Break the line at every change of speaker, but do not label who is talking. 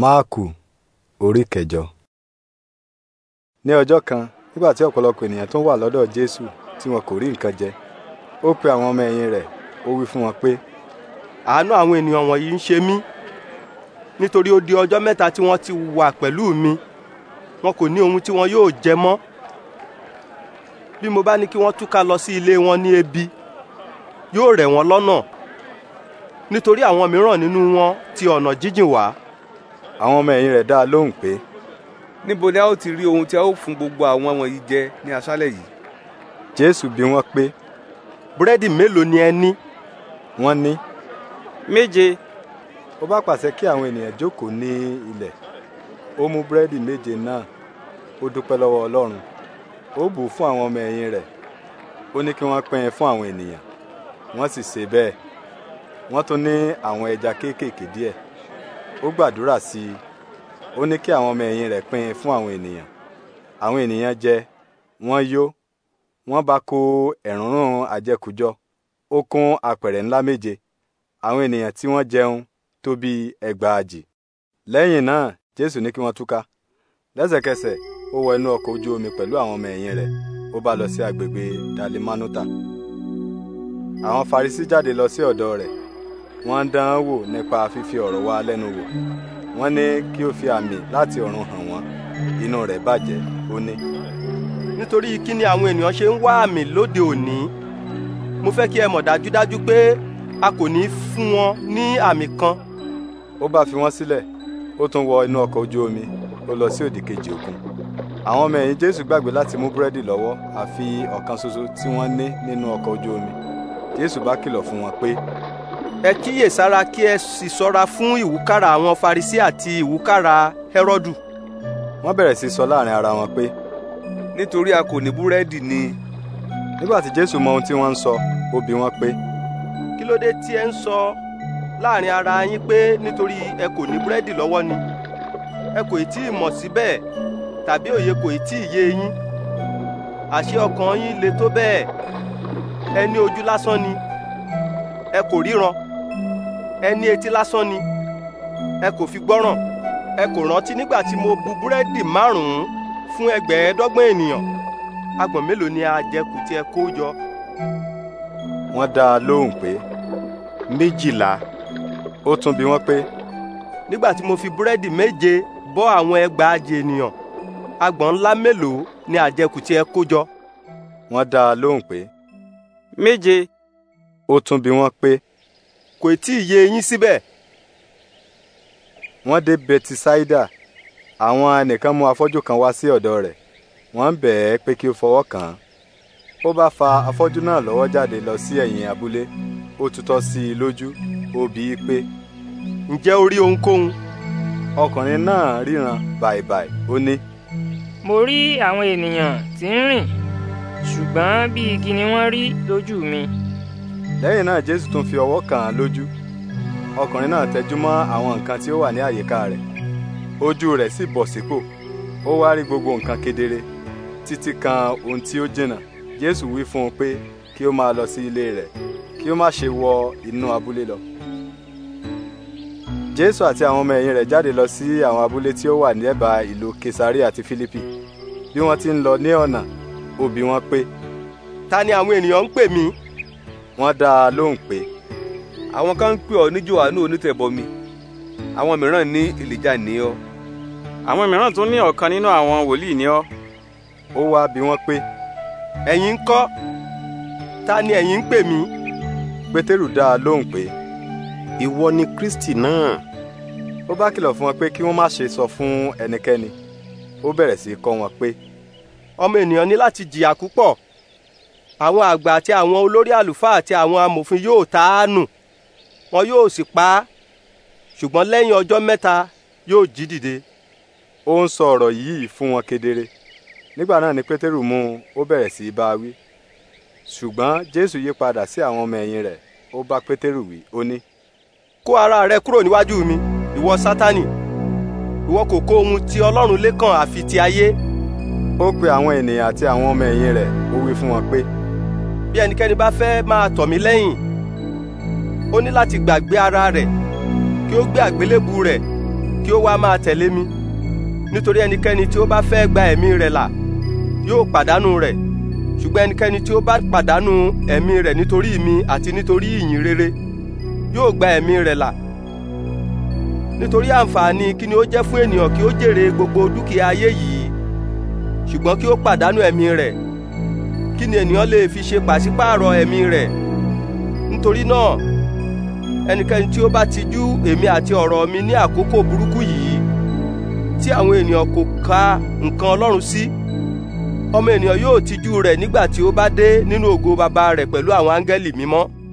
máàkù orí kẹjọ. ní ọjọ́ kan nígbà tí ọ̀pọ̀lọpọ̀ ènìyàn tó wà lọ́dọ̀ jésù tí wọn kò rí nǹkan jẹ ó pe àwọn ọmọ ẹ̀yìn rẹ̀ ó wí fún wọn pé. àánú àwọn ènìyàn wọ̀nyí ń ṣe mí nítorí ó di ọjọ́ mẹ́ta tí wọ́n ti wà pẹ̀lú mi wọn kò ní ohun tí wọn yóò jẹ mọ́ bí mo bá ní kí wọ́n túká lọ sí ilé wọn ní ebi yóò rẹ̀ wọ́n lọ́nà nítorí àwọn mìíràn nínú wọn ti ọ̀nà jíjìn wá àwọn ọmọ ẹ̀yìn rẹ̀ dá a lóhùn pé. níbo ni a ó ti rí ohun tí a ó fún gbogbo àwọn wọ̀nyí jẹ ní aṣálẹ̀ yìí. jésù bi wọ́n pé búrẹ́dì mélòó ni ẹ ní. wọ́n ní. méje. ó bá pàṣẹ kí àwọn ènìyàn jókòó ní ilẹ̀ ó mú búrẹ́dì méje náà ó dúpẹ́ lọ́wọ́ ọlọ́run ó bù ú fún àwọn ọmọ ẹ̀yìn rẹ̀ ó ní kí wọ́n pín in fún àwọn ènìyàn wọ́n sì ṣe bẹ́ẹ̀ wọ́n tún ní àwọn ẹja kéékèèké díẹ̀ ó gbàdúrà sí i ó ní kí àwọn ọmọ ẹ̀yìn rẹ̀ pín fún àwọn ènìyàn àwọn ènìyàn jẹ wọ́n yó wọ́n bá kó ẹ̀rúnrún àjẹkùjọ ó kún apẹ̀rẹ̀ ńlá méje àwọn ènìyàn tí wọ́n jẹun tó bí ẹgbàajì lẹ́yìn náà jésù ní kí wọ́n túká lẹ́sẹ̀kẹsẹ̀ ó wọ inú ọkọ̀ ojú omi pẹ̀lú àwọn ọmọ ẹ̀yìn rẹ̀ ó bá lọ sí agbègbè dalimanuta àwọn farisí jáde lọ sí ọ̀dọ̀ rẹ̀ wọ́n ń dán wò nípa fífi ọ̀rọ̀ wa lẹ́nu wò wọ́n ní kí ó fi àmì láti ọ̀run hàn wọ́n inú rẹ̀ bàjẹ́ ó ní. nítorí kí ni àwọn ènìyàn ṣe ń wá àmì lóde òní mo fẹ́ kí ẹ mọ̀ dájúdájú pé a kò ní fún wọn ní àmì kan. ó bá fi wọ́n sílẹ̀ ó tún wọ inú ọkọ̀ ojú omi ó lọ sí òdì kejì òkun àwọn ọmọ ẹ̀yìn jésù gbàgbé láti mú búrẹ́dì lọ́wọ́ àfi ọ̀kan ṣoṣo tí wọ́n ní nínú ọkọ̀ ojú omi jésù bá kìlọ̀ fún wọn pé ẹ kíyèsára kí ẹ sì ṣọ́ra fún ìwúkàrà àwọn Farisí àti ìwúkàrà Hẹ́rọ́dù. wọ́n bẹ̀rẹ̀ sí sọ láàrin ara wọn pé nítorí a kò ní búrẹ́dì ni. nígbà tí Jésù mọ ohun tí wọ́n ń sọ ó bi wọ́n pé. kí ló dé tí ẹ ń sọ láàrin ara yín pé nítorí ẹ kò ní búrẹ́dì lọ́wọ́ ni ẹ kò tí ì mọ̀ sí tàbí òye kò tí ì yé yín àṣé ọkàn yín le tó bẹ́ẹ̀ ẹ ní ojú lásán ni ẹ kò ríran ẹ etí lásán ni ẹ kò fi gbọ́ràn ẹ kò rántí nígbà tí mo bu búrẹ́dì márùn-ún fún ẹgbẹ̀ẹ́dọ́gbọ̀n ènìyàn agbọ̀n mélòó ni àjẹkù tí ẹ kó jọ. wọ́n dá a lóhùn pé méjìlá ó tún bi wọ́n pé. nígbà tí mo fi búrẹ́dì méje bọ́ àwọn ẹgbàáje ènìyàn agbọ̀n ńlá mélòó ni àjẹkù tí ẹ kó jọ. wọ́n dá a lóhùn pé méje ó tún bi wọ́n pé. kò tí ì yé yín síbẹ̀. wọ́n dé betisaida àwọn anìkan mú afọ́jú kan wá sí ọ̀dọ́ rẹ̀ wọ́n ń bẹ̀ ẹ́ pé kí ó fọwọ́ kàn án ó bá fa afọ́jú náà lọ́wọ́ jáde lọ sí ẹ̀yìn abúlé ó tutọ́ sí i lójú ó bi í pé ǹjẹ́ o rí ohunkóhun ọkùnrin náà ríran bàìbàì ó ní. mo rí àwọn ènìyàn tí ń rìn ṣùgbọ́n bí igi ni wọ́n rí lójú mi. lẹ́yìn náà jésù tún fi ọwọ́ kàn án lójú ọkùnrin náà tẹjú mọ́ àwọn nǹkan tí ó wà ní àyíká rẹ̀ ojú rẹ̀ sì bọ̀ sípò ó wá rí gbogbo nǹkan kedere títí kan ohun tí ó jìnnà jésù wí fún un pé kí ó máa lọ sí ilé rẹ̀ kí ó má ṣe wọ inú abúlé lọ jésù àti àwọn ọmọ ẹ̀yìn rẹ̀ jáde lọ sí àwọn abúlé tí ó wà ní ẹ̀bá ìlú kesari àti filipi bí wọ́n ti ń lọ ní ọ̀nà ó bi pé. ta ni àwọn ènìyàn ń pè mí wọ́n dá a lóhùn pé àwọn kan ń pè ọ́ ní Jòhánù onítẹ̀bọmi àwọn mìíràn ní Èlíjà ni ọ́ àwọn mìíràn tún ní ọ̀kan nínú àwọn wòlíì ni ọ́. ó wá bi wọ́n pé ẹ̀yin ń kọ́ ta ni ẹ̀yin ń pè mí. pétérù dá a lóhùn pé ìwọ ni Kristi náà. ó bá kìlọ̀ fún wọn pé kí wọ́n má ṣe sọ fún ẹnikẹ́ni ó bẹ̀rẹ̀ sí í kọ́ wọn pé ọmọ ènìyàn ní láti jìyà púpọ̀ àwọn àgbà àti àwọn olórí àlùfáà àti àwọn amòfin yóò ta á nù wọn yóò sì pa á ṣùgbọ́n lẹ́yìn ọjọ́ mẹ́ta yóò jí dìde. ó ń sọ ọ̀rọ̀ yìí fún wọn kedere nígbà náà ni pétérù mú un ó bẹ̀rẹ̀ sí í bá a wí ṣùgbọ́n jésù yí padà sí àwọn ọmọ ẹ̀yìn rẹ̀ ó bá pétérù wí ó ní. kó ara rẹ kúrò níwájú mi ìwọ sátánì ìwọ kò kó ohun tí ọlọ́run lékàn àfi ti ayé. ó pe àwọn ènìyàn àti àwọn ọmọ ẹ̀yìn rẹ̀ ó wí fún wọn pé bí ẹnikẹ́ni bá fẹ́ máa tọ̀ mí lẹ́yìn ó ní láti gbàgbé ara rẹ̀ kí ó gbé àgbélébù rẹ̀ kí ó wá máa tẹ̀lé mi nítorí ẹnikẹ́ni tí ó bá fẹ́ gba ẹ̀mí rẹ̀ là yóò pàdánù rẹ̀ ṣùgbọ́n ẹnikẹ́ni tí ó bá pàdánù ẹ̀mí rẹ̀ nítorí mi àti nítorí ìyìn rere yóò gba ẹ̀mí rẹ̀ là nítorí àǹfààní kí ni ó jẹ́ fún ènìyàn kí ó jèrè gbogbo dúkìá ayé yìí ṣùgbọ́n kí ó pàdánù ẹ̀mí rẹ̀ kí ni ènìyàn lè fi ṣe pàṣípààrọ̀ ẹ̀mí rẹ̀ nítorí náà ẹnikẹ́ni tí ó bá tijú èmi àti ọ̀rọ̀ mi ní àkókò burúkú yìí tí àwọn ènìyàn kò ka nǹkan Ọlọ́run sí ọmọ ènìyàn yóò tijú rẹ̀ nígbà tí ó bá dé nínú ògo baba rẹ̀ pẹ̀lú àwọn áńgẹ́lì mímọ́.